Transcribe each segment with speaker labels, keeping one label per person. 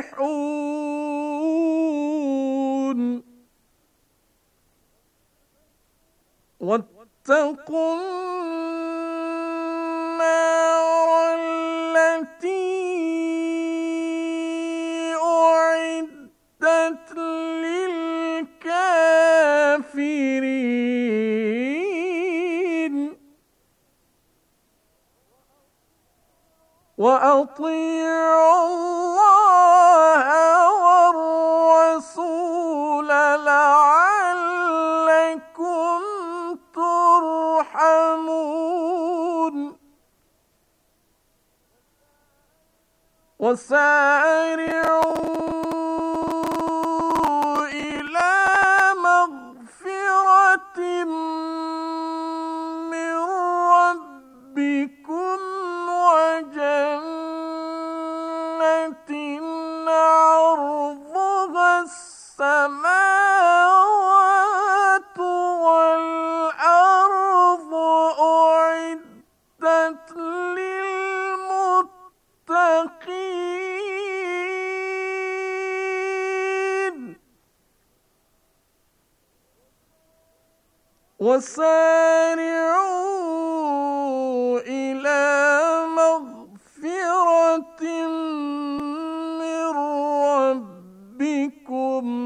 Speaker 1: تفلحون واتقوا النار التي أعدت للكافرين وأطيعوا الله وسارعوا وسارعوا إلى مغفرة من ربكم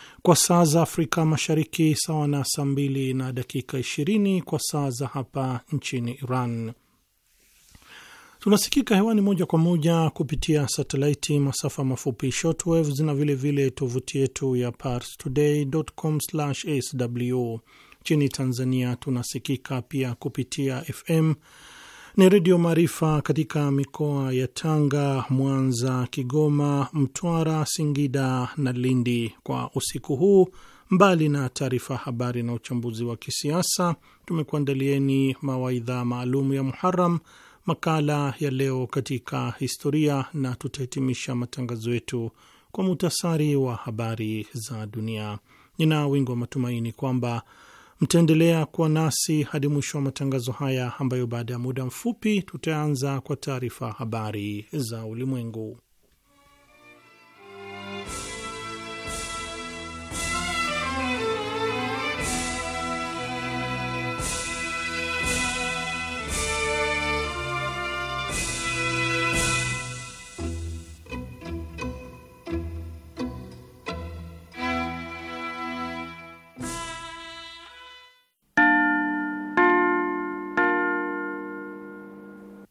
Speaker 2: kwa saa za Afrika Mashariki, sawa na saa mbili na dakika ishirini kwa saa za hapa nchini Iran. Tunasikika hewani moja kwa moja kupitia satelaiti, masafa mafupi shortwave na vilevile tovuti yetu ya pars parstoday.com/sw. Nchini Tanzania tunasikika pia kupitia FM ni Redio Maarifa katika mikoa ya Tanga, Mwanza, Kigoma, Mtwara, Singida na Lindi. Kwa usiku huu, mbali na taarifa habari na uchambuzi wa kisiasa, tumekuandalieni mawaidha maalum ya Muharam, makala ya leo katika historia, na tutahitimisha matangazo yetu kwa muhtasari wa habari za dunia. Nina wingi wa matumaini kwamba Mtaendelea kuwa nasi hadi mwisho wa matangazo haya ambayo baada ya muda mfupi tutaanza kwa taarifa habari za ulimwengu.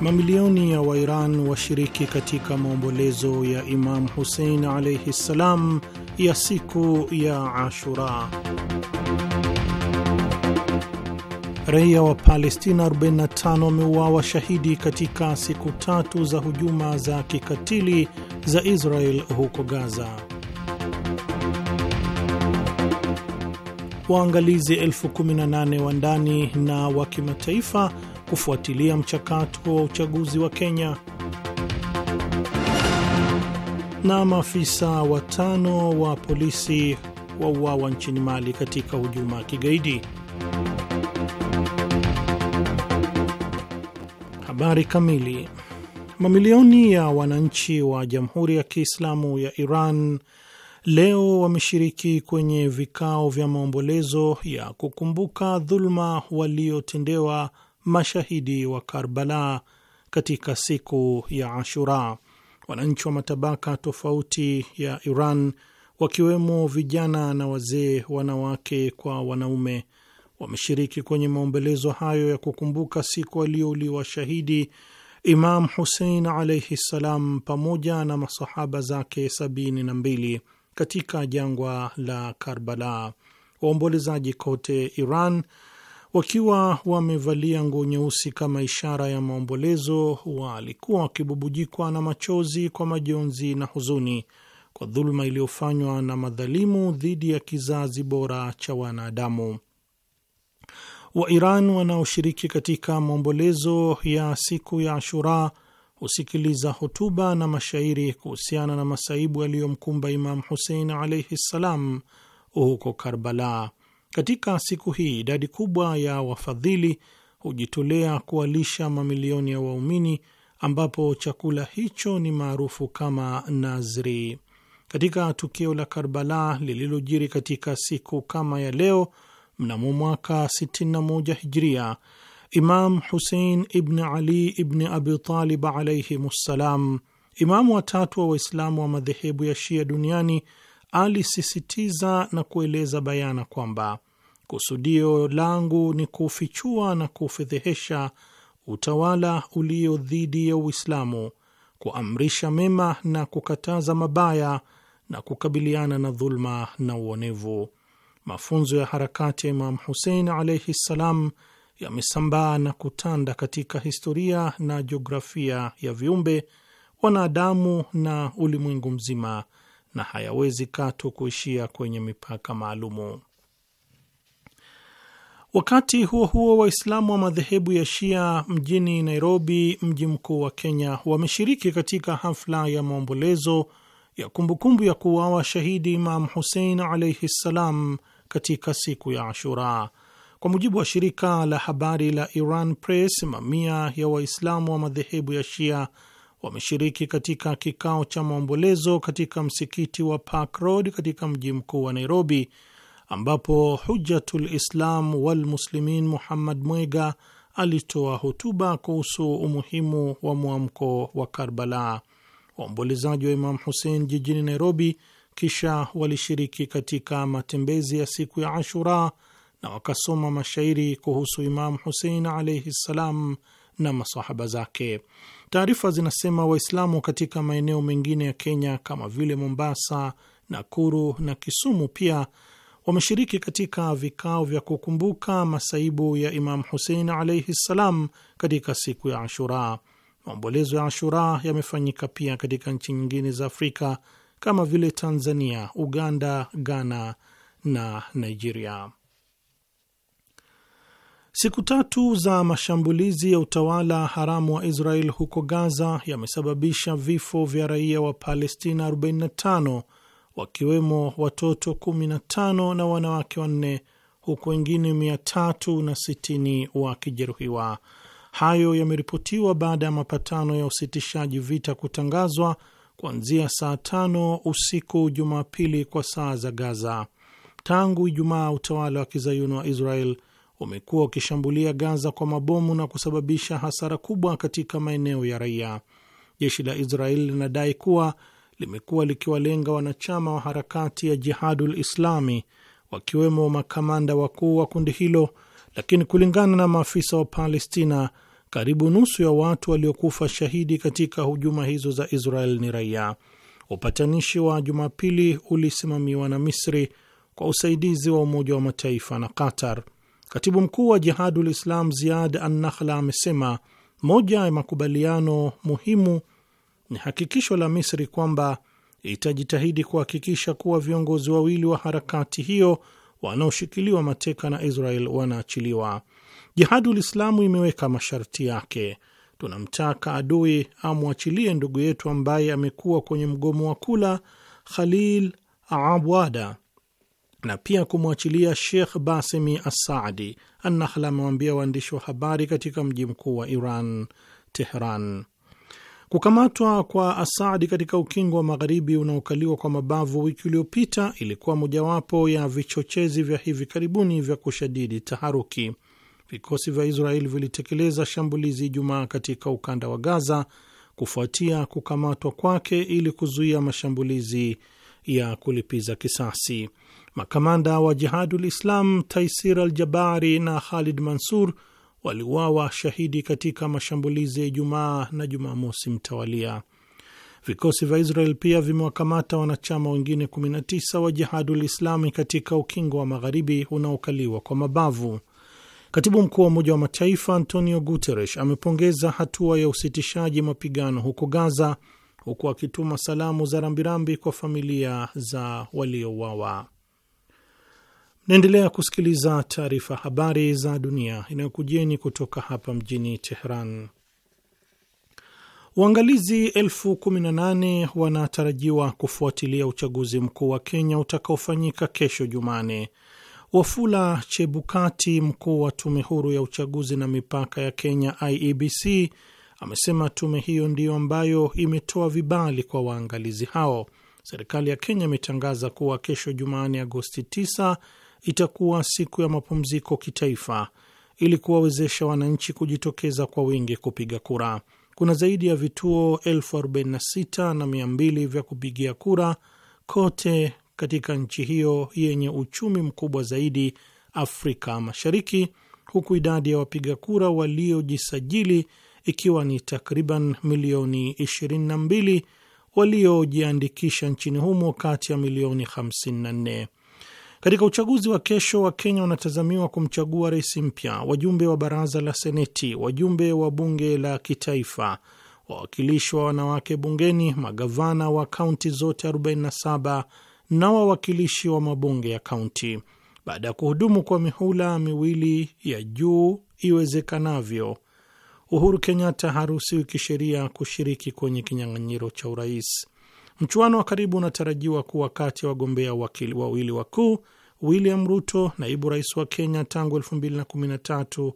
Speaker 2: Mamilioni ya Wairan washiriki katika maombolezo ya Imam Husein alaihi ssalam ya siku ya Ashura. Raia wa Palestina 45 wameuawa shahidi katika siku tatu za hujuma za kikatili za Israel huko Gaza. Waangalizi elfu 18 wa ndani na wa kimataifa kufuatilia mchakato wa uchaguzi wa Kenya. Na maafisa watano wa polisi wauawa nchini Mali katika hujuma ya kigaidi. Habari kamili. Mamilioni ya wananchi wa Jamhuri ya Kiislamu ya Iran leo wameshiriki kwenye vikao vya maombolezo ya kukumbuka dhuluma waliotendewa mashahidi wa Karbala katika siku ya Ashura. Wananchi wa matabaka tofauti ya Iran wakiwemo vijana na wazee, wanawake kwa wanaume, wameshiriki kwenye maombolezo hayo ya kukumbuka siku aliyouliwa shahidi Imam Husein alaihi ssalam pamoja na masahaba zake sabini na mbili katika jangwa la Karbala. Waombolezaji kote Iran wakiwa wamevalia nguo nyeusi kama ishara ya maombolezo, walikuwa wakibubujikwa na machozi kwa majonzi na huzuni kwa dhuluma iliyofanywa na madhalimu dhidi ya kizazi bora cha wanadamu wairan Wanaoshiriki katika maombolezo ya siku ya Ashura husikiliza hotuba na mashairi kuhusiana na masaibu yaliyomkumba Imam Husein alaihi ssalam huko Karbala. Katika siku hii idadi kubwa ya wafadhili hujitolea kuwalisha mamilioni ya waumini, ambapo chakula hicho ni maarufu kama nazri. Katika tukio la Karbala lililojiri katika siku kama ya leo mnamo mwaka 61 Hijria, Imam Husein ibn Ali ibn Abi Talib alaihim ssalam, imamu watatu wa Waislamu wa madhehebu ya Shia duniani alisisitiza na kueleza bayana kwamba kusudio langu ni kufichua na kufedhehesha utawala ulio dhidi ya Uislamu, kuamrisha mema na kukataza mabaya na kukabiliana na dhulma na uonevu. Mafunzo ya harakati ya Imam Husein alaihi ssalam yamesambaa na kutanda katika historia na jiografia ya viumbe wanadamu na ulimwengu mzima na hayawezi katu kuishia kwenye mipaka maalumu. Wakati huo huo, Waislamu wa madhehebu ya Shia mjini Nairobi, mji mkuu wa Kenya, wameshiriki katika hafla ya maombolezo ya kumbukumbu ya kuuawa shahidi Imam Husein alaihi ssalam katika siku ya Ashura. Kwa mujibu wa shirika la habari la Iran Press, mamia ya Waislamu wa madhehebu ya Shia wameshiriki katika kikao cha maombolezo katika msikiti wa Park Road katika mji mkuu wa Nairobi, ambapo Hujatul Islam wal Muslimin Muhammad Mwega alitoa hotuba kuhusu umuhimu wa mwamko wa Karbala. Waombolezaji wa Imam Hussein jijini Nairobi kisha walishiriki katika matembezi ya siku ya Ashura na wakasoma mashairi kuhusu Imam husein alaihi ssalam na masahaba zake. Taarifa zinasema Waislamu katika maeneo mengine ya Kenya kama vile Mombasa, Nakuru na Kisumu pia wameshiriki katika vikao vya kukumbuka masaibu ya Imam Husein alaihi ssalam katika siku ya Ashura. Maombolezo ya Ashura yamefanyika pia katika nchi nyingine za Afrika kama vile Tanzania, Uganda, Ghana na Nigeria. Siku tatu za mashambulizi ya utawala haramu wa Israel huko Gaza yamesababisha vifo vya raia wa Palestina 45 wakiwemo watoto 15 na wanawake wanne huku wengine 360 wakijeruhiwa. Hayo yameripotiwa baada ya mapatano ya usitishaji vita kutangazwa kuanzia saa tano usiku Jumapili kwa saa za Gaza. Tangu Ijumaa, utawala wa kizayuni wa Israel umekuwa ukishambulia Gaza kwa mabomu na kusababisha hasara kubwa katika maeneo ya raia. Jeshi la israel linadai kuwa limekuwa likiwalenga wanachama wa harakati ya Jihadul Islami, wakiwemo makamanda wakuu wa kundi hilo, lakini kulingana na maafisa wa Palestina, karibu nusu ya watu waliokufa shahidi katika hujuma hizo za Israel ni raia. Upatanishi wa Jumapili ulisimamiwa na Misri kwa usaidizi wa Umoja wa Mataifa na Qatar. Katibu mkuu wa Jihadul Islam Ziad Annahla amesema moja ya makubaliano muhimu ni hakikisho la Misri kwamba itajitahidi kuhakikisha kuwa viongozi wawili wa harakati hiyo wanaoshikiliwa mateka na Israel wanaachiliwa. Jihadul Islamu imeweka masharti yake. Tunamtaka adui amwachilie ndugu yetu ambaye amekuwa kwenye mgomo wa kula Khalil Abwada na pia kumwachilia Shekh Basimi Assaadi. Annahla amewaambia waandishi wa habari katika mji mkuu wa Iran, Tehran. Kukamatwa kwa Asadi katika ukingo wa magharibi unaokaliwa kwa mabavu wiki uliopita ilikuwa mojawapo ya vichochezi vya hivi karibuni vya kushadidi taharuki. Vikosi vya Israeli vilitekeleza shambulizi Ijumaa katika ukanda wa Gaza kufuatia kukamatwa kwake ili kuzuia mashambulizi ya kulipiza kisasi. Makamanda wa Jihadul Islam Taisir al Jabari na Khalid Mansur waliuawa shahidi katika mashambulizi ya Ijumaa na Jumamosi mtawalia. Vikosi vya Israel pia vimewakamata wanachama wengine 19 wa Jihadul Islami katika ukingo wa magharibi unaokaliwa kwa mabavu. Katibu mkuu wa Umoja wa Mataifa Antonio Guterres amepongeza hatua ya usitishaji mapigano huko Gaza, huku akituma salamu za rambirambi kwa familia za waliouawa. Naendelea kusikiliza taarifa habari za dunia inayokujeni kutoka hapa mjini Teheran. Waangalizi elfu kumi na nane wanatarajiwa kufuatilia uchaguzi mkuu wa Kenya utakaofanyika kesho Jumane. Wafula Chebukati, mkuu wa tume huru ya uchaguzi na mipaka ya Kenya IEBC, amesema tume hiyo ndiyo ambayo imetoa vibali kwa waangalizi hao. Serikali ya Kenya imetangaza kuwa kesho Jumane, Agosti 9 itakuwa siku ya mapumziko kitaifa ili kuwawezesha wananchi kujitokeza kwa wingi kupiga kura. Kuna zaidi ya vituo 46 na vya kupigia kura kote katika nchi hiyo yenye uchumi mkubwa zaidi Afrika Mashariki, huku idadi ya wapiga kura waliojisajili ikiwa ni takriban milioni 22 waliojiandikisha nchini humo kati ya milioni 54. Katika uchaguzi wa kesho, Wakenya wanatazamiwa kumchagua rais mpya, wajumbe wa baraza la Seneti, wajumbe wa bunge la kitaifa, wawakilishi wa wanawake bungeni, magavana wa kaunti zote 47 na wawakilishi wa mabunge ya kaunti. Baada ya kuhudumu kwa mihula miwili ya juu iwezekanavyo, Uhuru Kenyatta haruhusiwi kisheria kushiriki kwenye kinyang'anyiro cha urais. Mchuano wa karibu unatarajiwa kuwa kati ya wagombea wawili wakuu, William Ruto, naibu rais wa Kenya tangu 2013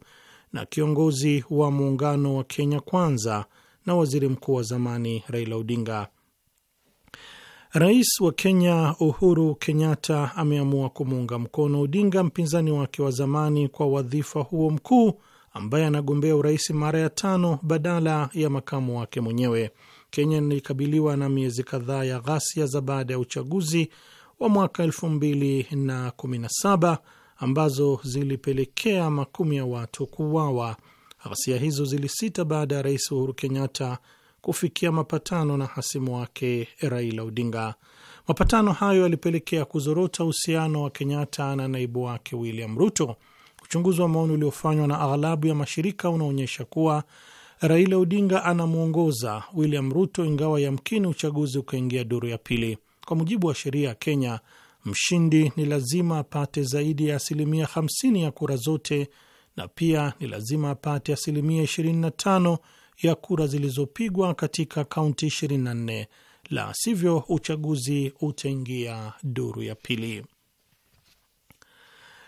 Speaker 2: na kiongozi wa muungano wa Kenya Kwanza na waziri mkuu wa zamani Raila Odinga. Rais wa Kenya Uhuru Kenyatta ameamua kumuunga mkono Odinga, mpinzani wake wa zamani kwa wadhifa huo mkuu, ambaye anagombea urais mara ya tano badala ya makamu wake mwenyewe. Kenya ilikabiliwa na miezi kadhaa ya ghasia za baada ya uchaguzi wa mwaka 2017 ambazo zilipelekea makumi ya watu kuuawa. Ghasia hizo zilisita baada ya Rais Uhuru Kenyatta kufikia mapatano na hasimu wake Raila Odinga. Mapatano hayo yalipelekea kuzorota uhusiano wa Kenyatta na naibu wake William Ruto. Uchunguzi wa maoni uliofanywa na aghalabu ya mashirika unaonyesha kuwa Raila Odinga anamwongoza William Ruto, ingawa yamkini uchaguzi ukaingia duru ya pili. Kwa mujibu wa sheria ya Kenya, mshindi ni lazima apate zaidi ya asilimia 50 ya kura zote na pia ni lazima apate asilimia 25 ya kura zilizopigwa katika kaunti 24, la sivyo uchaguzi utaingia duru ya pili.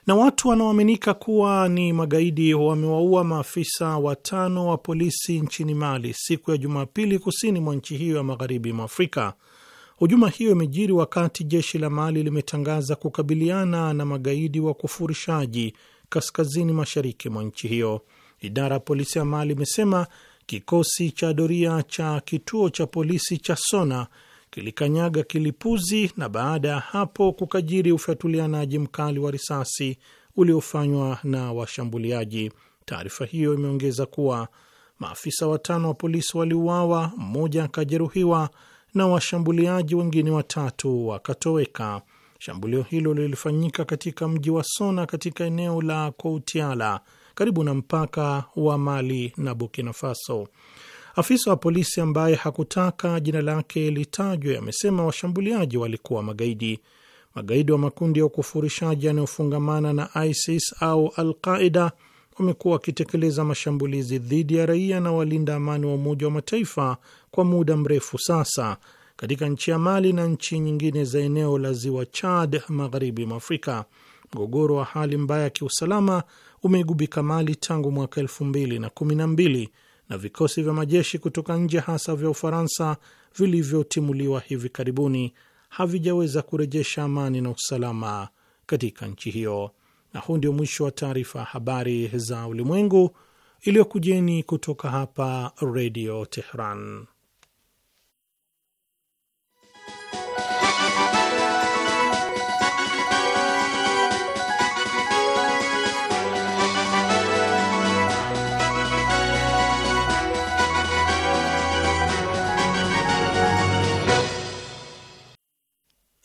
Speaker 2: Na watu wanaoaminika kuwa ni magaidi wamewaua maafisa watano wa polisi nchini Mali siku ya Jumapili, kusini mwa nchi hiyo ya magharibi mwa Afrika. Hujuma hiyo imejiri wakati jeshi la Mali limetangaza kukabiliana na magaidi wa kufurishaji kaskazini mashariki mwa nchi hiyo. Idara ya polisi ya Mali imesema kikosi cha doria cha kituo cha polisi cha Sona kilikanyaga kilipuzi na baada ya hapo kukajiri ufyatulianaji mkali wa risasi uliofanywa na washambuliaji. Taarifa hiyo imeongeza kuwa maafisa watano wa polisi waliuawa, mmoja akajeruhiwa na washambuliaji wengine watatu wakatoweka. Shambulio hilo lilifanyika katika mji wa Sona katika eneo la Koutiala karibu na mpaka wa Mali na Burkina Faso. Afisa wa polisi ambaye hakutaka jina lake litajwe amesema washambuliaji walikuwa magaidi. Magaidi wa makundi ya ukufurishaji yanayofungamana na ISIS au Alqaida wamekuwa wakitekeleza mashambulizi dhidi ya raia na walinda amani wa Umoja wa Mataifa kwa muda mrefu sasa katika nchi ya Mali na nchi nyingine za eneo la ziwa Chad, magharibi mwa Afrika. Mgogoro wa hali mbaya ya kiusalama umeigubika Mali tangu mwaka elfu mbili na kumi na mbili na vikosi vya majeshi kutoka nje hasa vya Ufaransa vilivyotimuliwa hivi karibuni havijaweza kurejesha amani na usalama katika nchi hiyo. Na huu ndio mwisho wa taarifa ya habari za ulimwengu iliyokujeni kutoka hapa Redio Tehran.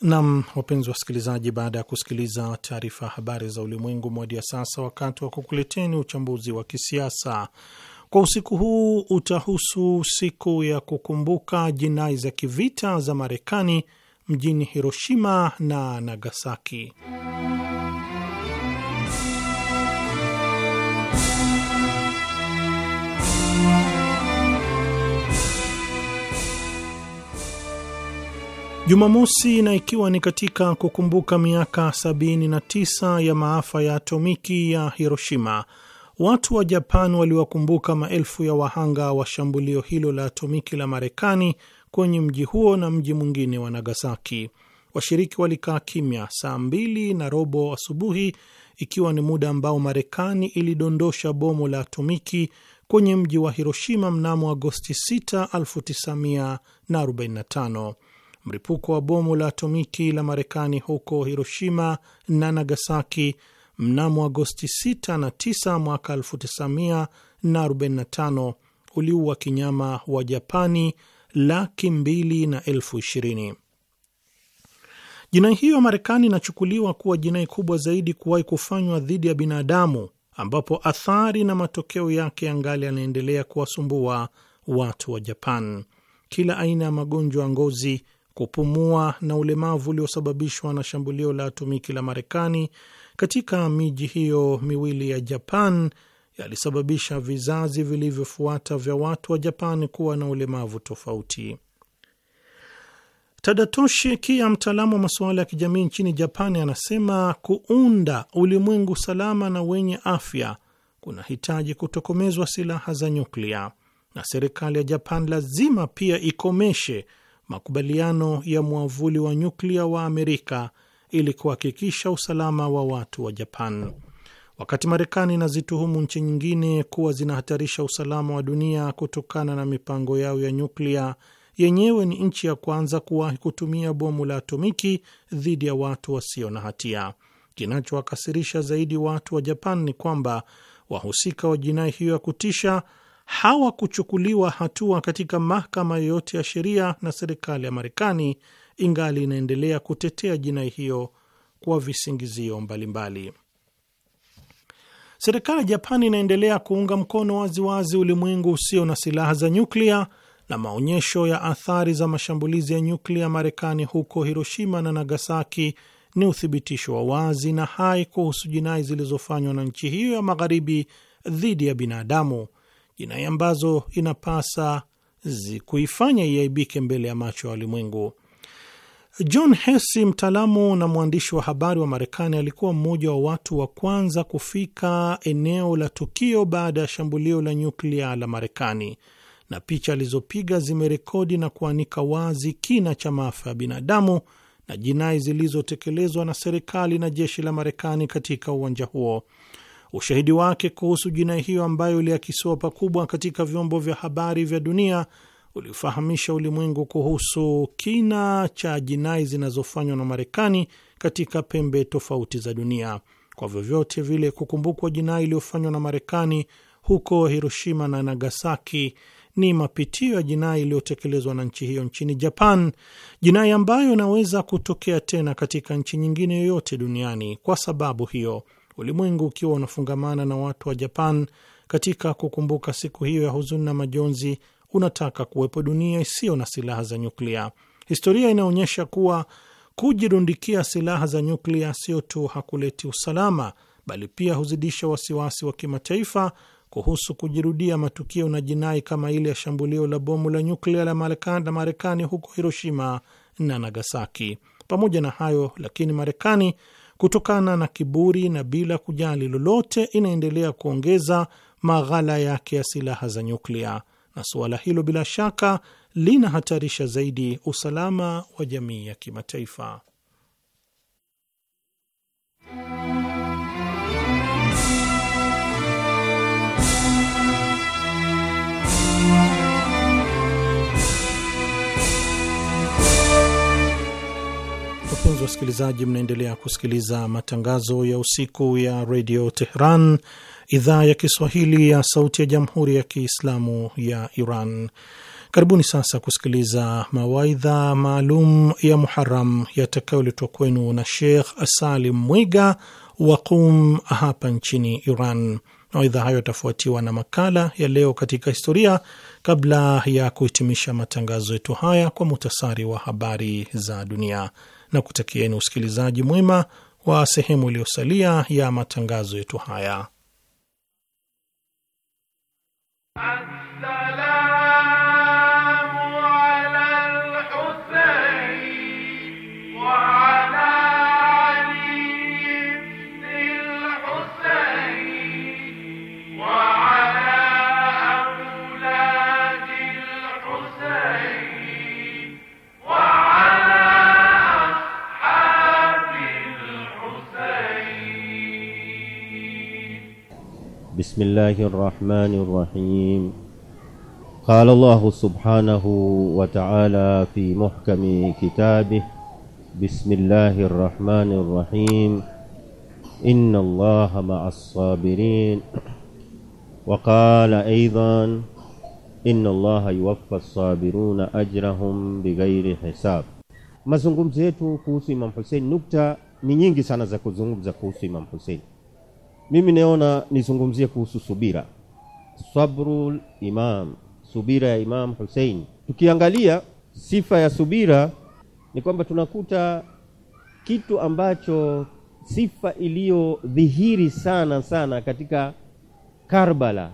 Speaker 2: Nam, wapenzi wasikilizaji, baada ya kusikiliza taarifa ya habari za ulimwengu modi ya sasa, wakati wa kukuleteni uchambuzi wa kisiasa kwa usiku huu. Utahusu siku ya kukumbuka jinai za kivita za Marekani mjini Hiroshima na Nagasaki. Jumamosi, na ikiwa ni katika kukumbuka miaka 79 ya maafa ya atomiki ya Hiroshima, watu wa Japan waliwakumbuka maelfu ya wahanga wa shambulio hilo la atomiki la Marekani kwenye mji huo na mji mwingine wa Nagasaki. Washiriki walikaa kimya saa mbili na robo asubuhi, ikiwa ni muda ambao Marekani ilidondosha bomu la atomiki kwenye mji wa Hiroshima mnamo Agosti 6, 1945 mripuko wa bomu la atomiki la Marekani huko Hiroshima na Nagasaki mnamo Agosti 6 na 9 mwaka 1945 uliua kinyama wa Japani laki mbili na elfu ishirini. Jinai hiyo ya Marekani inachukuliwa kuwa jinai kubwa zaidi kuwahi kufanywa dhidi ya binadamu, ambapo athari na matokeo yake yangali yanaendelea kuwasumbua watu wa Japan. Kila aina ya magonjwa ya ngozi kupumua na ulemavu uliosababishwa na shambulio la atomiki la Marekani katika miji hiyo miwili ya Japan yalisababisha vizazi vilivyofuata vya watu wa Japan kuwa na ulemavu tofauti. Tadatoshi Kia, mtaalamu wa masuala ya kijamii nchini Japan, anasema kuunda ulimwengu salama na wenye afya kuna hitaji kutokomezwa silaha za nyuklia, na serikali ya Japan lazima pia ikomeshe makubaliano ya mwavuli wa nyuklia wa Amerika ili kuhakikisha usalama wa watu wa Japan. Wakati Marekani inazituhumu nchi nyingine kuwa zinahatarisha usalama wa dunia kutokana na mipango yao ya nyuklia, yenyewe ni nchi ya kwanza kuwahi kutumia bomu la atomiki dhidi ya watu wasio na hatia. Kinachowakasirisha zaidi watu wa Japan ni kwamba wahusika wa jinai hiyo ya kutisha hawakuchukuliwa hatua katika mahakama yoyote ya sheria, na serikali ya Marekani ingali inaendelea kutetea jinai hiyo kwa visingizio mbalimbali. Serikali ya Japani inaendelea kuunga mkono waziwazi ulimwengu usio na silaha za nyuklia na maonyesho ya athari za mashambulizi ya nyuklia Marekani huko Hiroshima na Nagasaki ni uthibitisho wa wazi na hai kuhusu jinai zilizofanywa na nchi hiyo ya magharibi dhidi ya binadamu jinai ambazo inapasa kuifanya iaibike mbele ya macho ya walimwengu. John Hesi, mtaalamu na mwandishi wa habari wa Marekani, alikuwa mmoja wa watu wa kwanza kufika eneo la tukio baada ya shambulio la nyuklia la Marekani, na picha alizopiga zimerekodi na kuanika wazi kina cha maafa ya binadamu na jinai zilizotekelezwa na serikali na jeshi la Marekani katika uwanja huo. Ushahidi wake kuhusu jinai hiyo ambayo iliakisiwa pakubwa katika vyombo vya habari vya dunia ulifahamisha ulimwengu kuhusu kina cha jinai zinazofanywa na Marekani katika pembe tofauti za dunia. Kwa vyovyote vile, kukumbukwa jinai iliyofanywa na Marekani huko Hiroshima na Nagasaki ni mapitio ya jinai iliyotekelezwa na nchi hiyo nchini Japan, jinai ambayo inaweza kutokea tena katika nchi nyingine yoyote duniani. Kwa sababu hiyo ulimwengu ukiwa unafungamana na watu wa Japan katika kukumbuka siku hiyo ya huzuni na majonzi, unataka kuwepo dunia isiyo na silaha za nyuklia. Historia inaonyesha kuwa kujirundikia silaha za nyuklia sio tu hakuleti usalama, bali pia huzidisha wasiwasi wa kimataifa kuhusu kujirudia matukio na jinai kama ile ya shambulio la bomu la nyuklia la Marekani huko Hiroshima na Nagasaki. Pamoja na hayo lakini, Marekani kutokana na kiburi na bila kujali lolote, inaendelea kuongeza maghala yake ya silaha za nyuklia, na suala hilo bila shaka linahatarisha zaidi usalama wa jamii ya kimataifa. Wapenzi wasikilizaji, mnaendelea kusikiliza matangazo ya usiku ya redio Tehran, idhaa ya Kiswahili ya sauti ya jamhuri ya Kiislamu ya Iran. Karibuni sasa kusikiliza mawaidha maalum ya Muharam yatakayoletwa kwenu na Sheikh Salim Mwiga wa Qum hapa nchini Iran. Mawaidha hayo yatafuatiwa na makala ya leo katika historia, kabla ya kuhitimisha matangazo yetu haya kwa muhtasari wa habari za dunia na kutakieni usikilizaji mwema wa sehemu iliyosalia ya matangazo yetu haya Asala.
Speaker 3: بسم الله الرحمن الرحيم قال الله سبحانه وتعالى في محكم كتابه بسم الله الرحمن الرحيم إن الله مع الصابرين وقال أيضا إن الله يوفى الصابرون أجرهم بغير حساب mazungumzo yetu kuhusu Imam Hussein nukta ni nyingi sana za kuzungumza kuhusu Imam Hussein mimi naona nizungumzie kuhusu subira, sabrul imam, subira ya Imam Hussein. Tukiangalia sifa ya subira ni kwamba tunakuta kitu ambacho sifa iliyodhihiri sana sana katika Karbala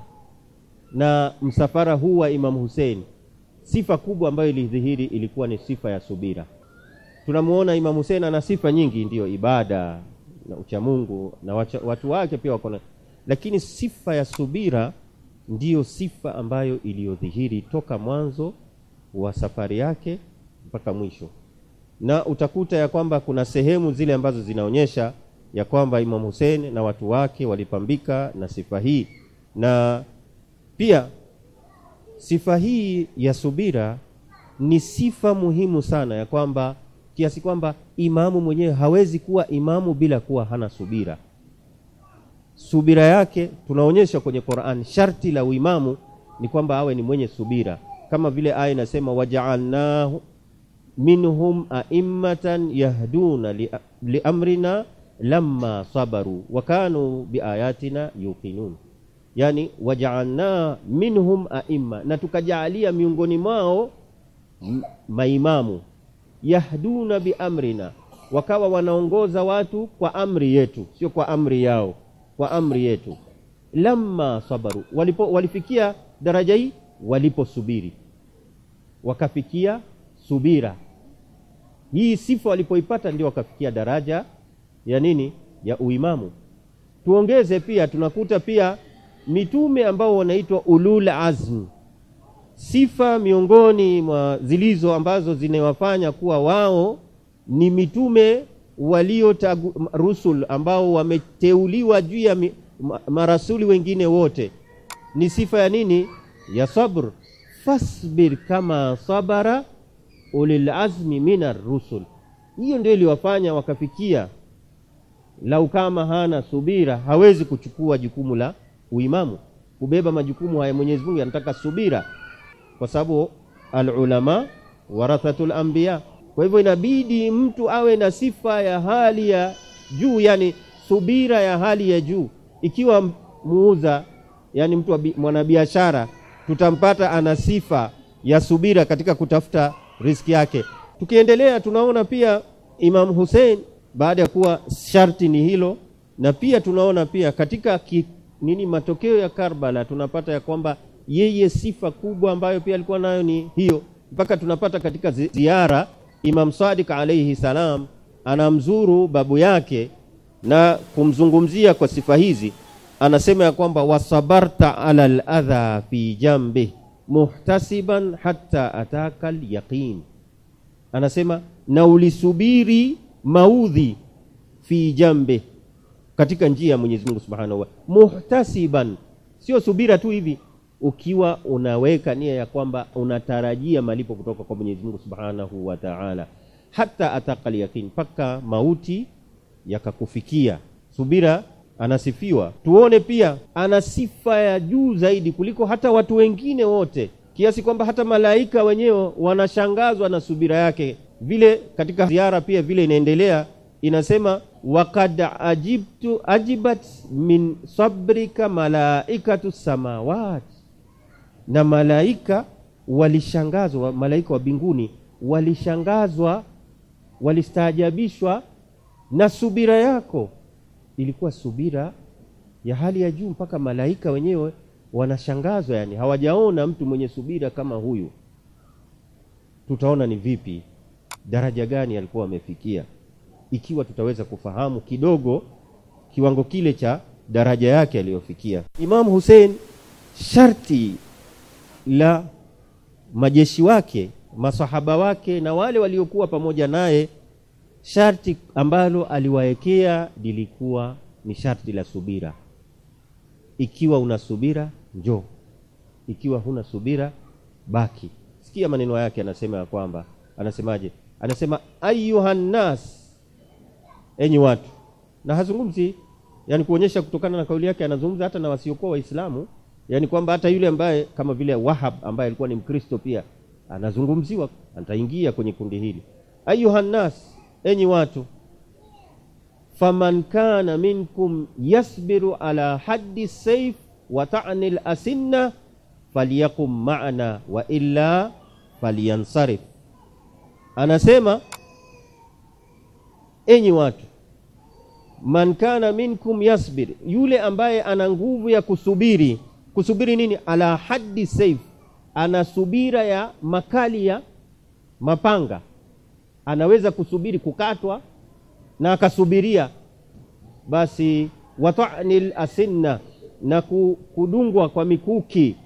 Speaker 3: na msafara huu wa Imam Hussein, sifa kubwa ambayo ilidhihiri ilikuwa ni sifa ya subira. Tunamuona Imam Hussein ana sifa nyingi, ndiyo ibada na uchamungu na wacha, watu wake pia wako na, lakini sifa ya subira ndiyo sifa ambayo iliyodhihiri toka mwanzo wa safari yake mpaka mwisho, na utakuta ya kwamba kuna sehemu zile ambazo zinaonyesha ya kwamba Imam Hussein na watu wake walipambika na sifa hii, na pia sifa hii ya subira ni sifa muhimu sana ya kwamba kiasi kwamba imamu mwenyewe hawezi kuwa imamu bila kuwa hana subira. Subira yake tunaonyesha kwenye Qur'an. Sharti la uimamu ni kwamba awe ni mwenye subira, kama vile aya inasema waja'alnahu minhum a'immatan yahduna liamrina li lamma sabaru wa kanu biayatina yuqinun, yani waja'alna minhum a'imma, na tukajaalia miongoni mwao maimamu yahduna biamrina, wakawa wanaongoza watu kwa amri yetu, sio kwa amri yao, kwa amri yetu. Lamma sabaru, walipo walifikia daraja hii waliposubiri, wakafikia subira hii sifa walipoipata ndio wakafikia daraja ya nini? Ya uimamu. Tuongeze pia, tunakuta pia mitume ambao wanaitwa ulul azm sifa miongoni mwa zilizo ambazo zinawafanya kuwa wao ni mitume walio rusul ambao wameteuliwa juu ya marasuli wengine wote ni sifa ya nini? Ya sabr. Fasbir kama sabara ulil azmi minar rusul, hiyo ndio iliwafanya wakafikia. Lau kama hana subira, hawezi kuchukua jukumu la uimamu, kubeba majukumu haya. Mwenyezi Mungu anataka subira kwa sababu alulama warathatul anbiya. Kwa hivyo inabidi mtu awe na sifa ya hali ya juu, yani subira ya hali ya juu. Ikiwa muuza, yani mtu mwanabiashara, tutampata ana sifa ya subira katika kutafuta riski yake. Tukiendelea tunaona pia Imam Hussein, baada ya kuwa sharti ni hilo, na pia tunaona pia katika ki, nini matokeo ya Karbala tunapata ya kwamba yeye sifa kubwa ambayo pia alikuwa nayo ni hiyo, mpaka tunapata katika ziara Imam Sadiq alayhi salam anamzuru babu yake na kumzungumzia kwa sifa hizi, anasema ya kwamba wasabarta ala ladha fi jambi muhtasiban hatta ataka alyaqin, anasema na ulisubiri maudhi fi jambi, katika njia ya Mwenyezi Mungu subhanahu wa muhtasiban, sio subira tu hivi ukiwa unaweka nia ya kwamba unatarajia malipo kutoka kwa Mwenyezi Mungu Subhanahu wa Ta'ala, hata ataqal yaqin, mpaka mauti yakakufikia. Subira anasifiwa, tuone pia ana sifa ya juu zaidi kuliko hata watu wengine wote, kiasi kwamba hata malaika wenyewe wanashangazwa na subira yake. Vile katika ziara pia vile inaendelea inasema wakad ajibtu ajibat min sabrika malaikatu samawati na malaika walishangazwa, malaika wa mbinguni walishangazwa, walistaajabishwa na subira yako. Ilikuwa subira ya hali ya juu mpaka malaika wenyewe wanashangazwa, yani hawajaona mtu mwenye subira kama huyu. Tutaona ni vipi, daraja gani alikuwa amefikia, ikiwa tutaweza kufahamu kidogo kiwango kile cha daraja yake aliyofikia Imamu Hussein, sharti la majeshi wake, masahaba wake na wale waliokuwa pamoja naye, sharti ambalo aliwaekea lilikuwa ni sharti la subira. Ikiwa una subira njoo, ikiwa huna subira baki. Sikia maneno yake, anasema ya kwamba anasemaje? Anasema ayuhannas, enyi watu, na hazungumzi yani kuonyesha kutokana na kauli yake anazungumza hata na wasiokuwa Waislamu yaani kwamba hata yule ambaye kama vile Wahab ambaye alikuwa ni Mkristo pia anazungumziwa, ataingia kwenye kundi hili. Ayuhannas, enyi watu, faman kana minkum yasbiru ala haddi saif wa ta'ni al-asinna falyakum ma'ana wa illa falyansarif. Anasema, enyi watu man kana minkum yasbir, yule ambaye ana nguvu ya kusubiri kusubiri nini? Ala haddi saif, ana subira ya makali ya mapanga. Anaweza kusubiri kukatwa na akasubiria, basi watanil asinna, na kudungwa kwa mikuki.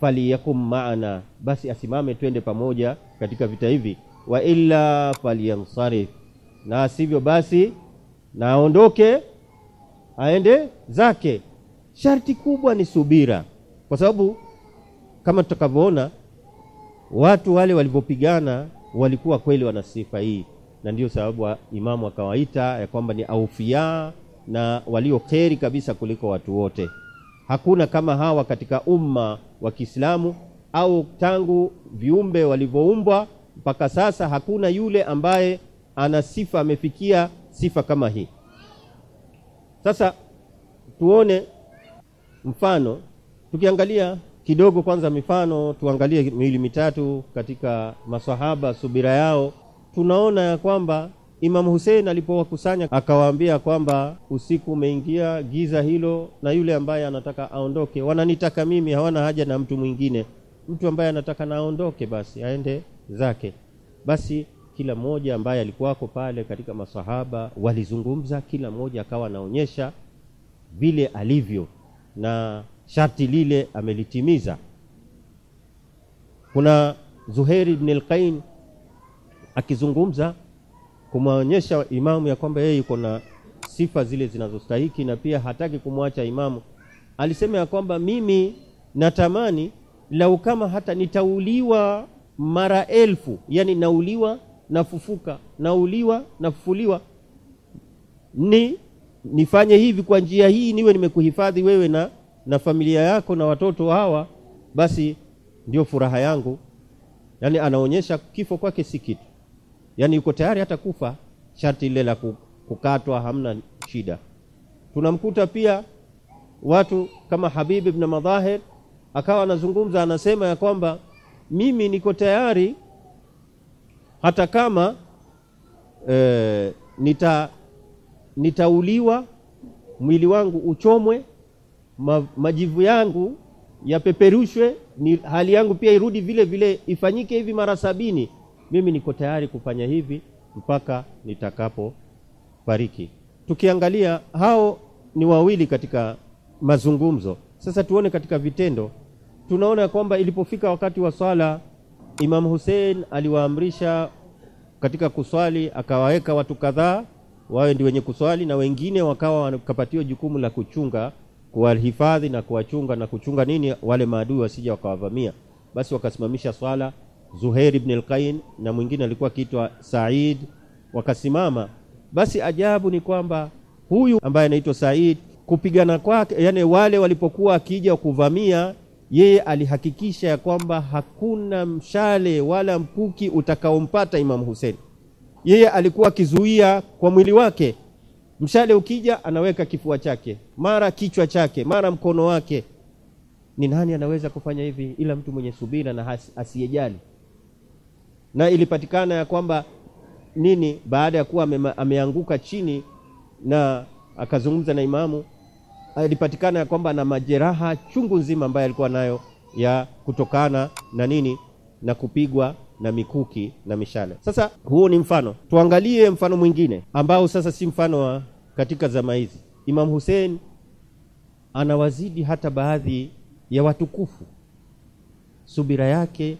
Speaker 3: Faliyakum maana, basi asimame twende pamoja katika vita hivi. Wa illa falyansarif, na asivyo basi naondoke aende zake Sharti kubwa ni subira, kwa sababu kama tutakavyoona watu wale walivyopigana walikuwa kweli wana sifa hii, na ndiyo sababu Imamu akawaita ya kwamba ni aufia na walio kheri kabisa kuliko watu wote. Hakuna kama hawa katika umma wa Kiislamu au tangu viumbe walivyoumbwa mpaka sasa, hakuna yule ambaye ana sifa amefikia sifa kama hii. Sasa tuone Mfano tukiangalia kidogo kwanza, mifano tuangalie miili mitatu katika maswahaba, subira yao, tunaona ya kwamba Imamu Hussein alipowakusanya akawaambia kwamba usiku umeingia, giza hilo, na yule ambaye anataka aondoke, wananitaka mimi, hawana haja na mtu mwingine. Mtu ambaye anataka na aondoke, basi aende zake. Basi kila mmoja ambaye alikuwako pale katika maswahaba walizungumza, kila mmoja akawa anaonyesha vile alivyo na sharti lile amelitimiza. Kuna Zuhair ibn al-Qain akizungumza kumwonyesha imamu ya kwamba yeye yuko na sifa zile zinazostahiki na pia hataki kumwacha imamu. Alisema ya kwamba mimi natamani lau kama hata nitauliwa mara elfu, yani nauliwa nafufuka, nauliwa nafufuliwa, ni nifanye hivi kwa njia hii, niwe nimekuhifadhi wewe na, na familia yako na watoto hawa, basi ndio furaha yangu. Yani anaonyesha kifo kwake si kitu, yani yuko tayari hata kufa, sharti ile la kukatwa hamna shida. Tunamkuta pia watu kama Habib ibn Madahir akawa anazungumza, anasema ya kwamba mimi niko tayari hata kama e, nita nitauliwa, mwili wangu uchomwe, ma, majivu yangu yapeperushwe, ni hali yangu pia irudi vile vile, ifanyike hivi mara sabini. Mimi niko tayari kufanya hivi mpaka nitakapo fariki. Tukiangalia hao ni wawili katika mazungumzo. Sasa tuone katika vitendo, tunaona kwamba ilipofika wakati wa swala, Imam Hussein aliwaamrisha katika kuswali, akawaweka watu kadhaa wawe ndi wenye kuswali na wengine wakawa wakapatiwa jukumu la kuchunga, kuwahifadhi na kuwachunga na kuchunga nini, wale maadui wasija wakawavamia. Basi wakasimamisha swala Zuhair ibn al na mwingine alikuwa akiitwa Said, wakasimama. Basi ajabu ni kwamba huyu ambaye anaitwa Said kupigana kwake, yani wale walipokuwa akija kuvamia yeye alihakikisha ya kwamba hakuna mshale wala mkuki utakaompata Imam Hussein yeye alikuwa akizuia kwa mwili wake. Mshale ukija anaweka kifua chake, mara kichwa chake, mara mkono wake. Ni nani anaweza kufanya hivi ila mtu mwenye subira na asiyejali? Na ilipatikana ya kwamba nini, baada ya kuwa ameanguka chini na akazungumza na imamu, ilipatikana ya kwamba ana majeraha chungu nzima ambayo alikuwa nayo ya kutokana na nini, na kupigwa na mikuki na mishale. Sasa huo ni mfano, tuangalie mfano mwingine ambao sasa si mfano wa katika zama hizi. Imam Hussein anawazidi hata baadhi ya watukufu, subira yake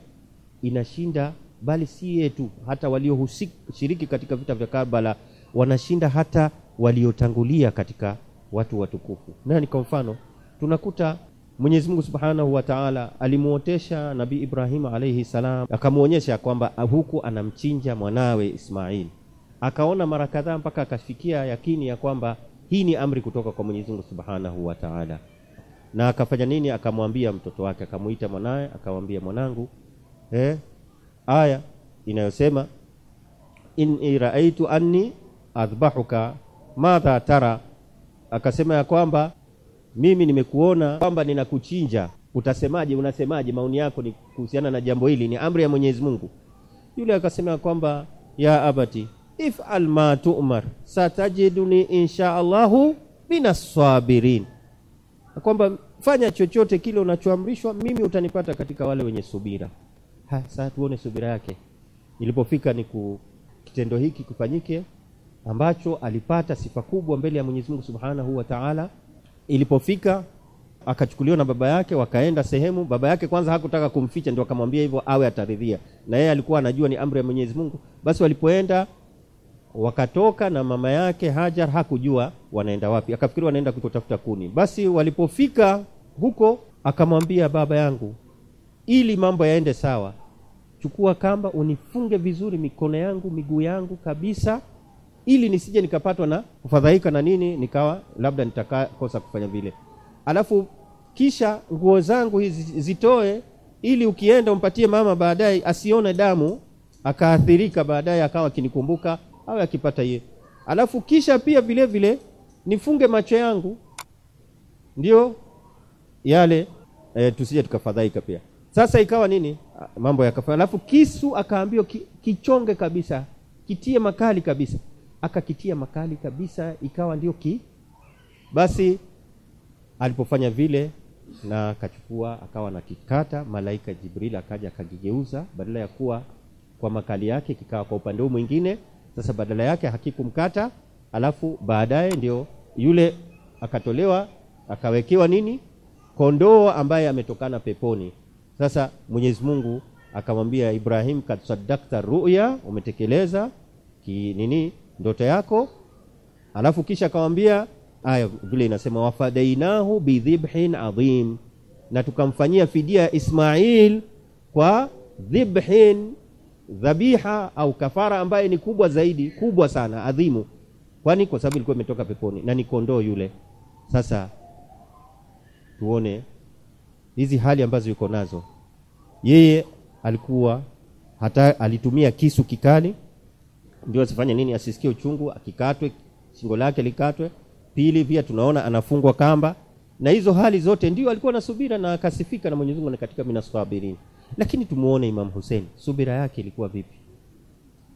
Speaker 3: inashinda, bali si yetu, hata walioshiriki katika vita vya Karbala wanashinda hata waliotangulia katika watu watukufu. Nani kwa mfano tunakuta Mwenyezi Mungu Subhanahu wa Ta'ala alimuotesha Nabii Ibrahim alayhi salam, akamwonyesha kwamba huku anamchinja mwanawe Ismail. Akaona mara kadhaa mpaka akafikia yakini ya kwamba hii ni amri kutoka kwa Mwenyezi Mungu Subhanahu wa Ta'ala. Na akafanya nini? Akamwambia mtoto wake, akamuita mwanaye, akamwambia mwanangu, eh, aya inayosema in raaitu anni adhbahuka madha tara, akasema ya kwamba mimi nimekuona kwamba ninakuchinja, utasemaje? Unasemaje? maoni yako ni kuhusiana na jambo hili, ni amri ya Mwenyezi Mungu. Yule akasema kwamba ya abati if'al ma tu'mar satajiduni insha Allahu minas kwamba fanya chochote kile unachoamrishwa, mimi utanipata katika wale wenye subira. Ha, sasa tuone subira yake ilipofika ni ku kitendo hiki kufanyike ambacho alipata sifa kubwa mbele ya Mwenyezi Mungu Subhanahu wa Ta'ala. Ilipofika akachukuliwa na baba yake, wakaenda sehemu. Baba yake kwanza hakutaka kumficha, ndio akamwambia hivyo awe ataridhia, na yeye alikuwa anajua ni amri ya Mwenyezi Mungu. Basi walipoenda wakatoka na mama yake Hajar hakujua wanaenda wapi, akafikiri wanaenda kutafuta kuni. Basi walipofika huko, akamwambia baba yangu, ili mambo yaende sawa, chukua kamba unifunge vizuri mikono yangu miguu yangu kabisa ili nisije nikapatwa na kufadhaika na nini nikawa labda nitakakosa kufanya vile alafu kisha nguo zangu hizi zitoe ili ukienda umpatie mama baadaye asione damu akaathirika baadaye akawa akinikumbuka au akipata ye alafu kisha pia vile vile nifunge macho yangu ndio yale e, tusije tukafadhaika pia sasa ikawa nini mambo yakafanya alafu kisu akaambiwa ki, kichonge kabisa kitie makali kabisa akakitia makali kabisa, ikawa ndio ki basi. Alipofanya vile na akachukua akawa na kikata, malaika Jibril akaja akakigeuza, badala ya kuwa kwa makali yake kikawa kwa upande huu mwingine. Sasa badala yake hakikumkata, alafu baadaye ndio yule akatolewa akawekewa nini, kondoo ambaye ametokana peponi. Sasa Mwenyezi Mungu akamwambia Ibrahim, kad sadakta ruya, umetekeleza ki nini ndoto yako, alafu kisha akamwambia aya vile inasema, wafadainahu bidhibhin adhim, na tukamfanyia fidia ya Ismail kwa dhibhin, dhabiha au kafara ambaye ni kubwa zaidi, kubwa sana, adhimu. Kwani kwa sababu ilikuwa imetoka peponi na ni kondoo yule. Sasa tuone hizi hali ambazo yuko nazo yeye, alikuwa hata alitumia kisu kikali ndio asifanye nini, asisikie uchungu, akikatwe shingo lake likatwe. Pili, pia tunaona anafungwa kamba, na hizo hali zote ndio alikuwa na subira na akasifika na Mwenyezi Mungu katika minaswabirin. Lakini tumuone Imam Hussein, subira yake ilikuwa vipi?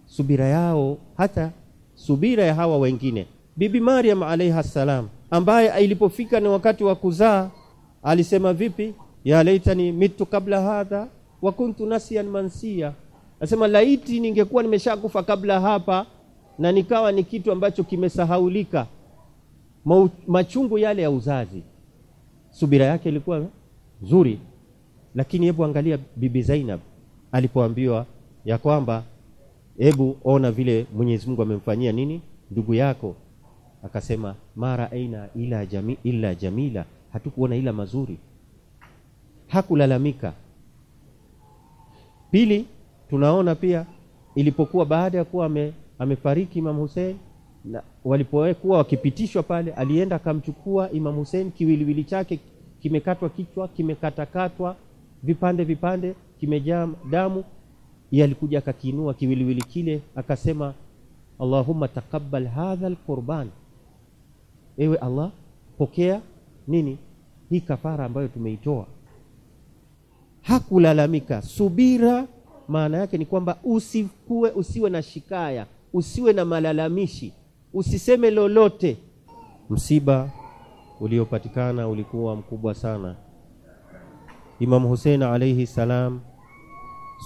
Speaker 3: Subira yao hata subira ya hawa wengine, Bibi Maryam alaiha salam, ambaye ilipofika ni wakati wa kuzaa alisema vipi? ya laitani mitu kabla hadha wa kuntu nasiyan mansia Asema laiti ningekuwa nimeshakufa kabla hapa, na nikawa ni kitu ambacho kimesahaulika, machungu yale ya uzazi. Subira yake ilikuwa nzuri, lakini hebu angalia Bibi Zainab alipoambiwa ya kwamba hebu ona vile Mwenyezi Mungu amemfanyia nini ndugu yako, akasema mara aina ila jami, ila jamila, hatukuona ila mazuri. Hakulalamika. Pili, tunaona pia ilipokuwa baada ya kuwa ame, amefariki Imam Hussein na walipokuwa wakipitishwa pale, alienda akamchukua Imam Hussein, kiwiliwili chake kimekatwa kichwa, kimekatakatwa vipande vipande, kimejaa damu. Yalikuja alikuja akakiinua kiwiliwili kile akasema, Allahumma taqabbal hadha alqurban, ewe Allah pokea nini hii kafara ambayo tumeitoa. Hakulalamika, subira maana yake ni kwamba usikuwe, usiwe na shikaya, usiwe na malalamishi, usiseme lolote. Msiba uliopatikana ulikuwa mkubwa sana. Imam Hussein alayhi salam,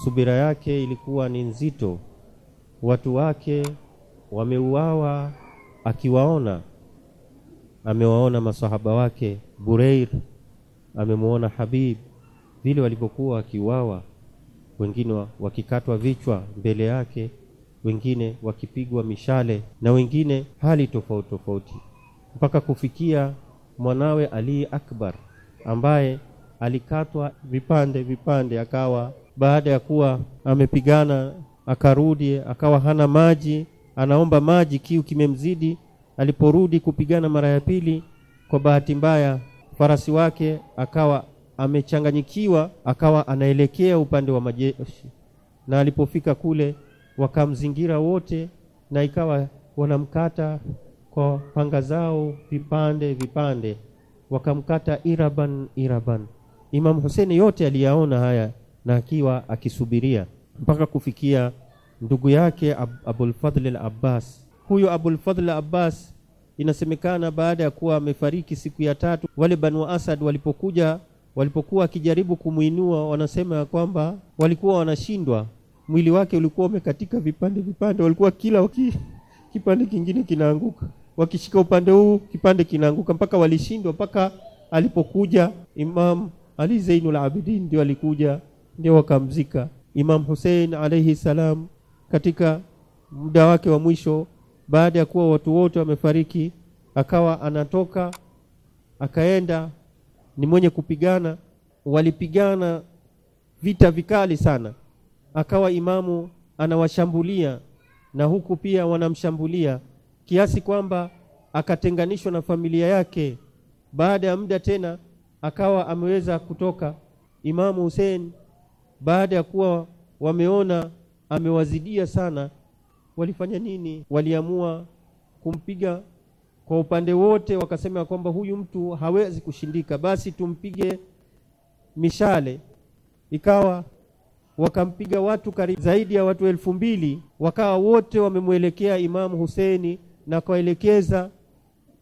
Speaker 3: subira yake ilikuwa ni nzito. Watu wake wameuawa akiwaona, amewaona masahaba wake Bureir, amemwona Habib vile walipokuwa wakiuawa wengine wakikatwa vichwa mbele yake, wengine wakipigwa mishale, na wengine hali tofauti tofauti, mpaka kufikia mwanawe Ali Akbar ambaye alikatwa vipande vipande, akawa baada ya kuwa amepigana akarudi, akawa hana maji, anaomba maji, kiu kimemzidi. Aliporudi kupigana mara ya pili, kwa bahati mbaya farasi wake akawa amechanganyikiwa, akawa anaelekea upande wa majeshi, na alipofika kule wakamzingira wote, na ikawa wanamkata kwa panga zao vipande vipande, wakamkata iraban iraban. Imamu Huseni yote aliyaona haya, na akiwa akisubiria mpaka kufikia ndugu yake Ab Abulfadhl al Abbas. Huyo Abulfadhl al Abbas inasemekana baada ya kuwa amefariki siku ya tatu, wale Banu Asad walipokuja walipokuwa akijaribu kumuinua, wanasema ya kwamba walikuwa wanashindwa, mwili wake ulikuwa umekatika vipande vipande, walikuwa kila waki, kipande kingine kinaanguka, wakishika upande huu kipande kinaanguka, mpaka walishindwa, mpaka alipokuja Imam Ali Zainul Abidin, ndio alikuja, ndio wakamzika Imam Hussein alayhi salam katika muda wake wa mwisho, baada ya kuwa watu wote wamefariki, akawa anatoka akaenda ni mwenye kupigana walipigana vita vikali sana akawa imamu anawashambulia na huku pia wanamshambulia kiasi kwamba akatenganishwa na familia yake baada ya muda tena akawa ameweza kutoka imamu Hussein baada ya kuwa wameona amewazidia sana walifanya nini waliamua kumpiga kwa upande wote wakasema kwamba huyu mtu hawezi kushindika, basi tumpige mishale. Ikawa wakampiga watu karibu zaidi ya watu elfu mbili wakawa wote wamemwelekea Imamu Huseini na kuelekeza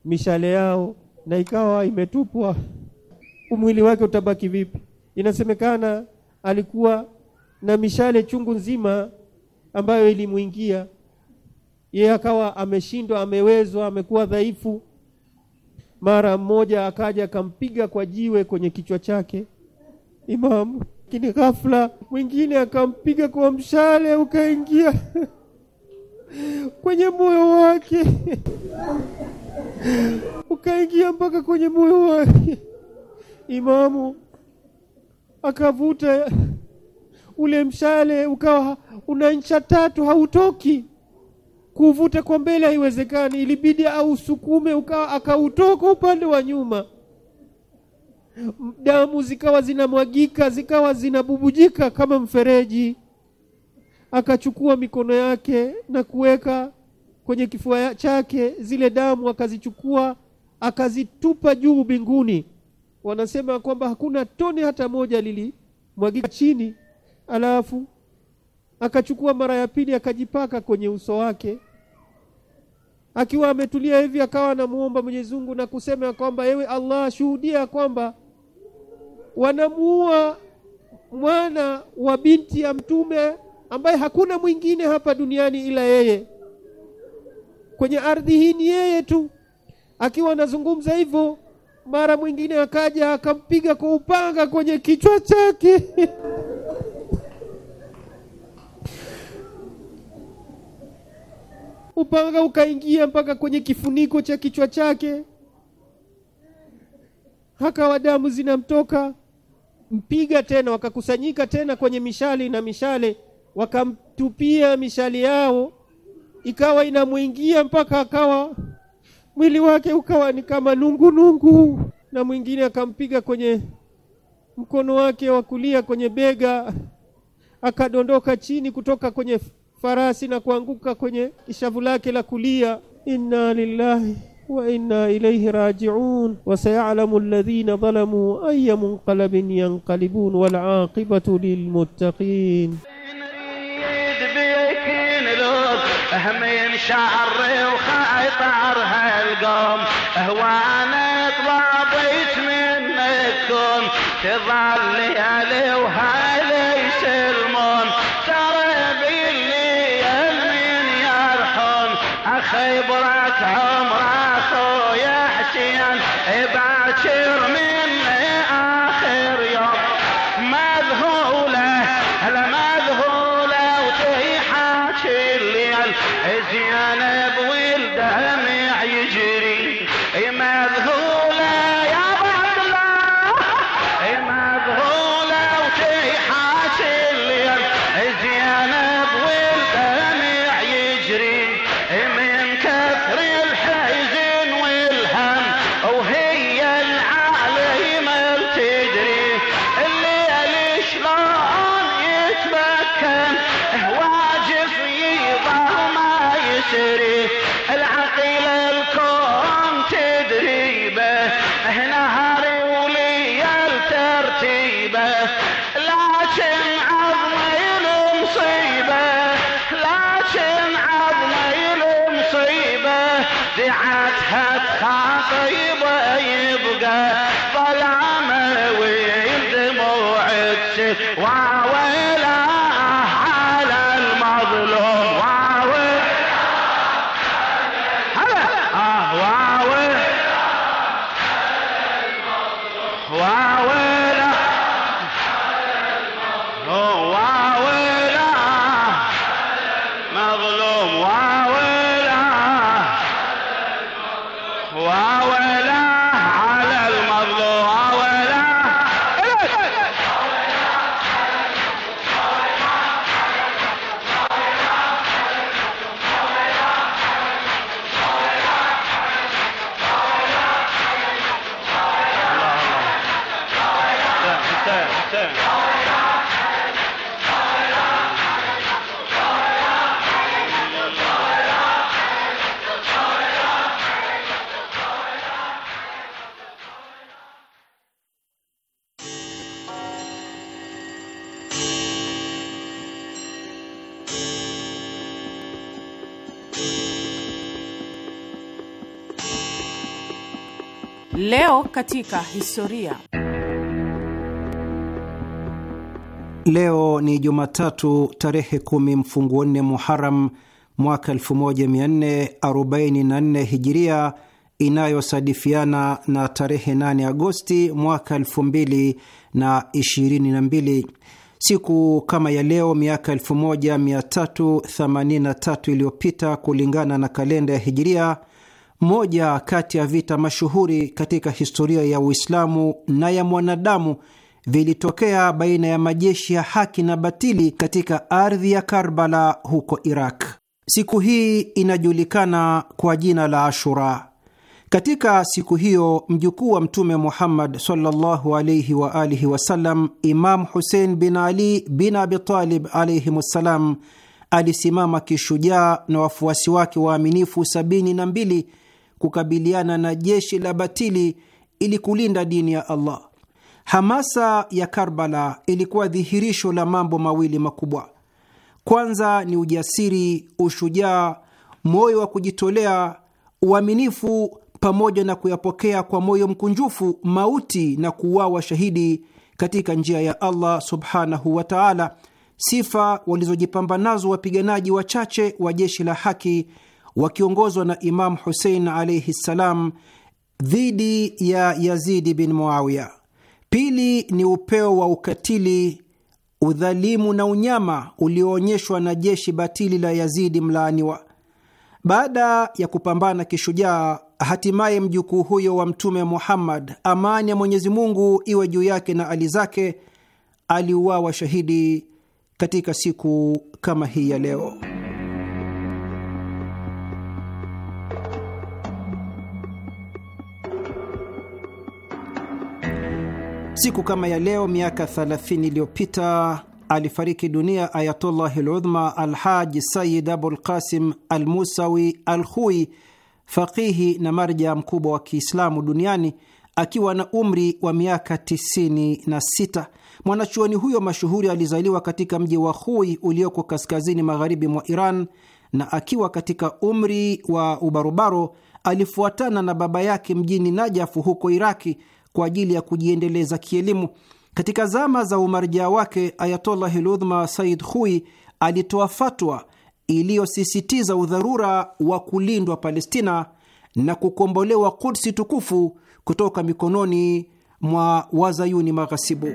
Speaker 3: mishale yao, na ikawa imetupwa. Umwili wake utabaki vipi? Inasemekana
Speaker 4: alikuwa na mishale chungu nzima ambayo ilimwingia yeye akawa ameshindwa, amewezwa, amekuwa dhaifu. Mara mmoja akaja akampiga kwa jiwe kwenye kichwa chake Imamu, lakini ghafla mwingine akampiga kwa mshale ukaingia kwenye moyo wake ukaingia mpaka kwenye moyo wake. Imamu akavuta ule mshale ukawa una ncha tatu hautoki kuvuta kwa mbele haiwezekani ilibidi au usukume ukawa akautoka upande wa nyuma damu zikawa zinamwagika zikawa zinabubujika kama mfereji akachukua mikono yake na kuweka kwenye kifua chake zile damu akazichukua akazitupa juu mbinguni wanasema kwamba hakuna tone hata moja lilimwagika chini alafu akachukua mara ya pili akajipaka kwenye uso wake akiwa ametulia hivi akawa anamuomba Mwenyezi Mungu na kusema kwamba ewe Allah shuhudia kwamba wanamuua mwana wa binti ya mtume ambaye hakuna mwingine hapa duniani ila yeye kwenye ardhi hii ni yeye tu akiwa anazungumza hivyo mara mwingine akaja akampiga kwa upanga kwenye kichwa chake upanga ukaingia mpaka kwenye kifuniko cha kichwa chake, akawa damu zinamtoka. Mpiga tena, wakakusanyika tena kwenye mishali na mishale, wakamtupia mishali yao, ikawa inamwingia mpaka akawa mwili wake ukawa ni kama nungunungu nungu. Na mwingine akampiga kwenye mkono wake wa kulia kwenye bega, akadondoka chini kutoka kwenye farasi na kuanguka kwenye shavu lake la kulia. inna lillahi wa inna ilayhi raji'un wa sayalamu alladhina zalamu ayya munqalabin yanqalibun wal aqibatu
Speaker 3: lilmuttaqin.
Speaker 5: همين شعري وخايط عرها القوم اهوانا اطلع بيت منكم تظل لي ليالي وهاي طيبة يبقى ظلامة ودموع وعلى
Speaker 1: Leo katika historia.
Speaker 6: Leo ni Jumatatu tarehe kumi mfunguo nne Muharam mwaka 1444 Hijiria, inayosadifiana na tarehe 8 Agosti mwaka 2022. Siku kama ya leo miaka 1383 iliyopita kulingana na kalenda ya Hijiria moja kati ya vita mashuhuri katika historia ya Uislamu na ya mwanadamu vilitokea baina ya majeshi ya haki na batili katika ardhi ya Karbala huko Iraq. Siku hii inajulikana kwa jina la Ashura. Katika siku hiyo mjukuu wa Mtume Muhammad sallallahu alaihi wa alihi wasallam, Imam Husein bin Ali bin Abitalib alaihim ssalam, alisimama kishujaa na wafuasi wake waaminifu sabini na mbili kukabiliana na jeshi la batili ili kulinda dini ya Allah. Hamasa ya Karbala ilikuwa dhihirisho la mambo mawili makubwa. Kwanza ni ujasiri, ushujaa, moyo wa kujitolea, uaminifu, pamoja na kuyapokea kwa moyo mkunjufu mauti na kuuawa shahidi katika njia ya Allah subhanahu wa taala, sifa walizojipamba nazo wapiganaji wachache wa jeshi la haki wakiongozwa na Imamu Husein alaihi ssalam dhidi ya Yazidi bin Muawiya. Pili ni upeo wa ukatili, udhalimu na unyama ulioonyeshwa na jeshi batili la Yazidi mlaaniwa. Baada ya kupambana kishujaa, hatimaye mjukuu huyo wa Mtume Muhammad, amani ya Mwenyezi Mungu iwe juu yake na ali zake, aliuawa shahidi katika siku kama hii ya leo. Siku kama ya leo miaka 30 iliyopita alifariki dunia Ayatullah Ludhma Alhaj Sayid Abulqasim Almusawi Alhui, faqihi na marja mkubwa wa Kiislamu duniani akiwa na umri wa miaka 96. Mwanachuoni huyo mashuhuri alizaliwa katika mji wa Hui ulioko kaskazini magharibi mwa Iran, na akiwa katika umri wa ubarobaro alifuatana na baba yake mjini Najafu huko Iraki kwa ajili ya kujiendeleza kielimu. Katika zama za umarjaa wake, Ayatollah ludhma Said Hui alitoa fatwa iliyosisitiza udharura wa kulindwa Palestina na kukombolewa Kudsi tukufu kutoka mikononi mwa wazayuni maghasibu.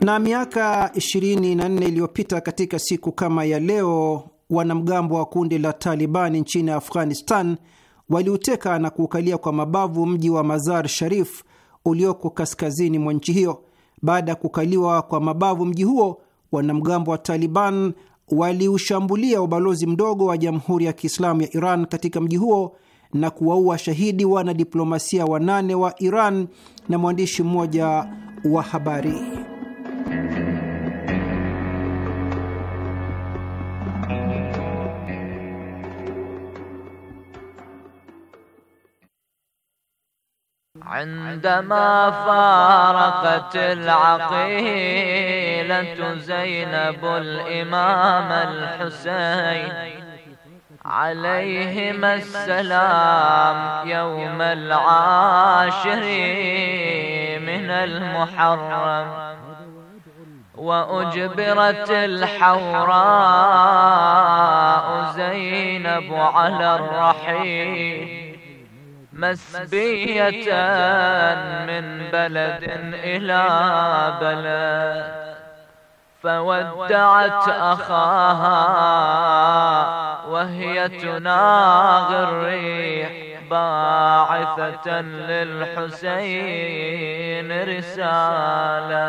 Speaker 6: Na miaka 24 iliyopita katika siku kama ya leo wanamgambo wa kundi la Talibani nchini Afghanistan waliuteka na kuukalia kwa mabavu mji wa Mazar Sharif ulioko kaskazini mwa nchi hiyo. Baada ya kukaliwa kwa mabavu mji huo, wanamgambo wa Taliban waliushambulia ubalozi mdogo wa Jamhuri ya Kiislamu ya Iran katika mji huo na kuwaua shahidi wanadiplomasia wanane wa Iran na mwandishi mmoja wa habari.
Speaker 7: عندما فارقت العقيلة زينب الإمام الحسين عليهما السلام يوم العاشر من المحرم وأجبرت الحوراء زينب على الرحيل مسبية من بلد إلى بلد فودعت أخاها وهي تناغ الريح باعثة للحسين رسالة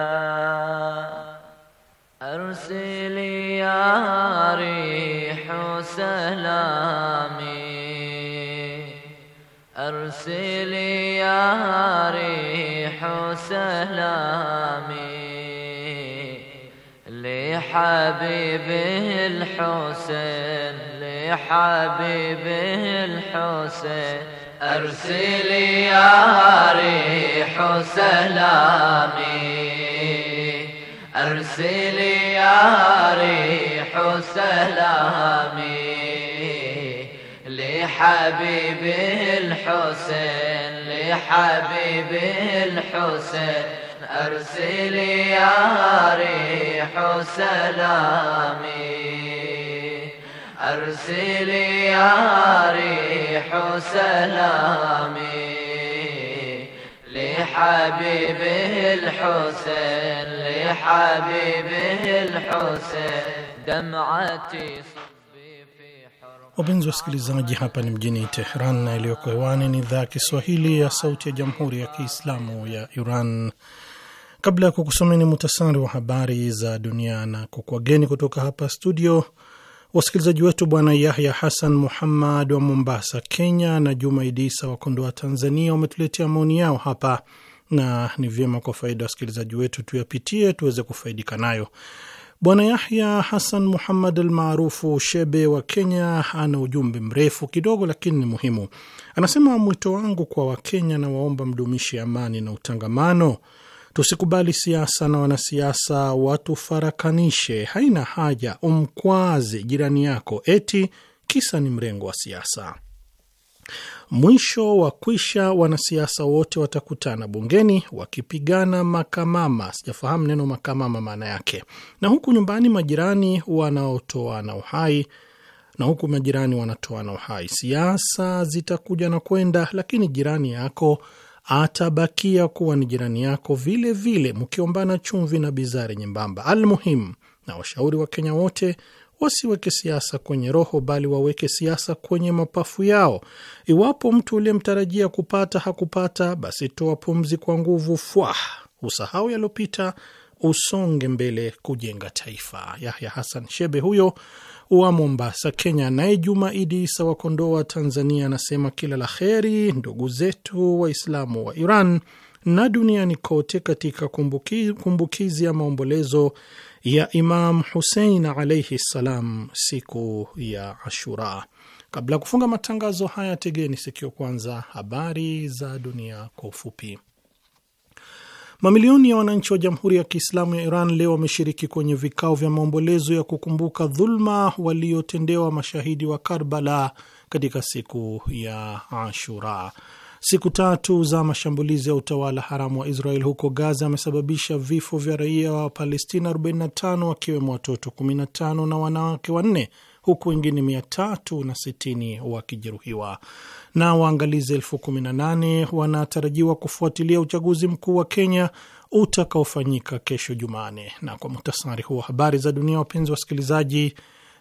Speaker 7: أرسلي يا ريح سلامي أرسلي يا ريح سلامي لحبيبه الحسين لحبيبه الحسين أرسلي يا ريح سلامي أرسلي يا ريح سلامي لحبيبه الحسين لحبيبه الحسين أرسلي يا ريح سلامي أرسلي يا ريح سلامي لحبيبه الحسين لحبيبه الحسين دمعتي
Speaker 2: Wapenzi wasikilizaji, hapa ni mjini Teheran na iliyoko hewani ni idhaa ya Kiswahili ya Sauti ya Jamhuri ya Kiislamu ya Iran. Kabla ya kukusomeni muhtasari wa habari za dunia na kukuageni kutoka hapa studio, wasikilizaji wetu Bwana Yahya Hasan Muhammad wa Mombasa, Kenya na Juma Idisa wa Kondoa, Tanzania wametuletea maoni yao hapa, na ni vyema kwa faida ya wasikilizaji wetu tuyapitie tuweze kufaidika nayo. Bwana Yahya Hasan Muhammad almaarufu Shebe wa Kenya ana ujumbe mrefu kidogo, lakini ni muhimu. Anasema, mwito wangu kwa Wakenya na waomba mdumishi amani na utangamano. Tusikubali siasa na wanasiasa watufarakanishe. Haina haja umkwaze jirani yako eti kisa ni mrengo wa siasa. Mwisho wa kwisha, wanasiasa wote watakutana bungeni wakipigana makamama. Sijafahamu neno makamama maana yake. Na huku nyumbani majirani wanaotoana uhai na huku majirani wanatoana uhai. Siasa zitakuja na kwenda, lakini jirani yako atabakia kuwa ni jirani yako vile vile, mkiombana chumvi na bizari nyembamba. Almuhimu, na washauri wa Kenya wote wasiweke siasa kwenye roho, bali waweke siasa kwenye mapafu yao. Iwapo mtu uliyemtarajia kupata hakupata, basi toa pumzi kwa nguvu, fwa usahau yaliyopita, usonge mbele kujenga taifa. Yahya hasan Shebe huyo wa Mombasa, Kenya. Naye Juma Idi Isa wa Kondoa, Tanzania, anasema kila la kheri ndugu zetu Waislamu wa Iran na duniani kote katika kumbukizi ya maombolezo ya Imam Husein alaihi ssalam siku ya Ashura. Kabla ya kufunga matangazo haya, tegeni sikio kwanza habari za dunia kwa ufupi. Mamilioni ya wananchi wa Jamhuri ya Kiislamu ya Iran leo wameshiriki kwenye vikao vya maombolezo ya kukumbuka dhulma waliotendewa mashahidi wa Karbala katika siku ya Ashura. Siku tatu za mashambulizi ya utawala haramu wa Israel huko Gaza amesababisha vifo vya raia wa Palestina 45 wakiwemo watoto 15 na wanawake wanne huku wengine 360 wakijeruhiwa. Na waangalizi elfu 18 wanatarajiwa kufuatilia uchaguzi mkuu wa Kenya utakaofanyika kesho Jumane. Na kwa muhtasari huo habari za dunia, wapenzi wasikilizaji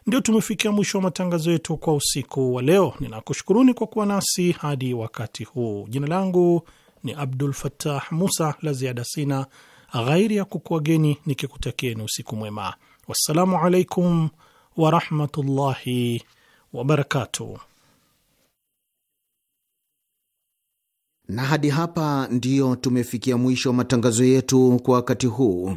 Speaker 2: ndio tumefikia mwisho wa matangazo yetu kwa usiku wa leo. Ninakushukuruni kwa kuwa nasi hadi wakati huu. Jina langu ni Abdul Fattah Musa. La ziada sina ghairi ya kukuageni nikikutakieni usiku mwema. Wassalamu alaikum warahmatullahi wabarakatuh.
Speaker 8: Na hadi hapa ndiyo tumefikia mwisho wa matangazo yetu kwa wakati huu.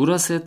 Speaker 9: Burası